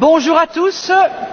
Bonjour à tous.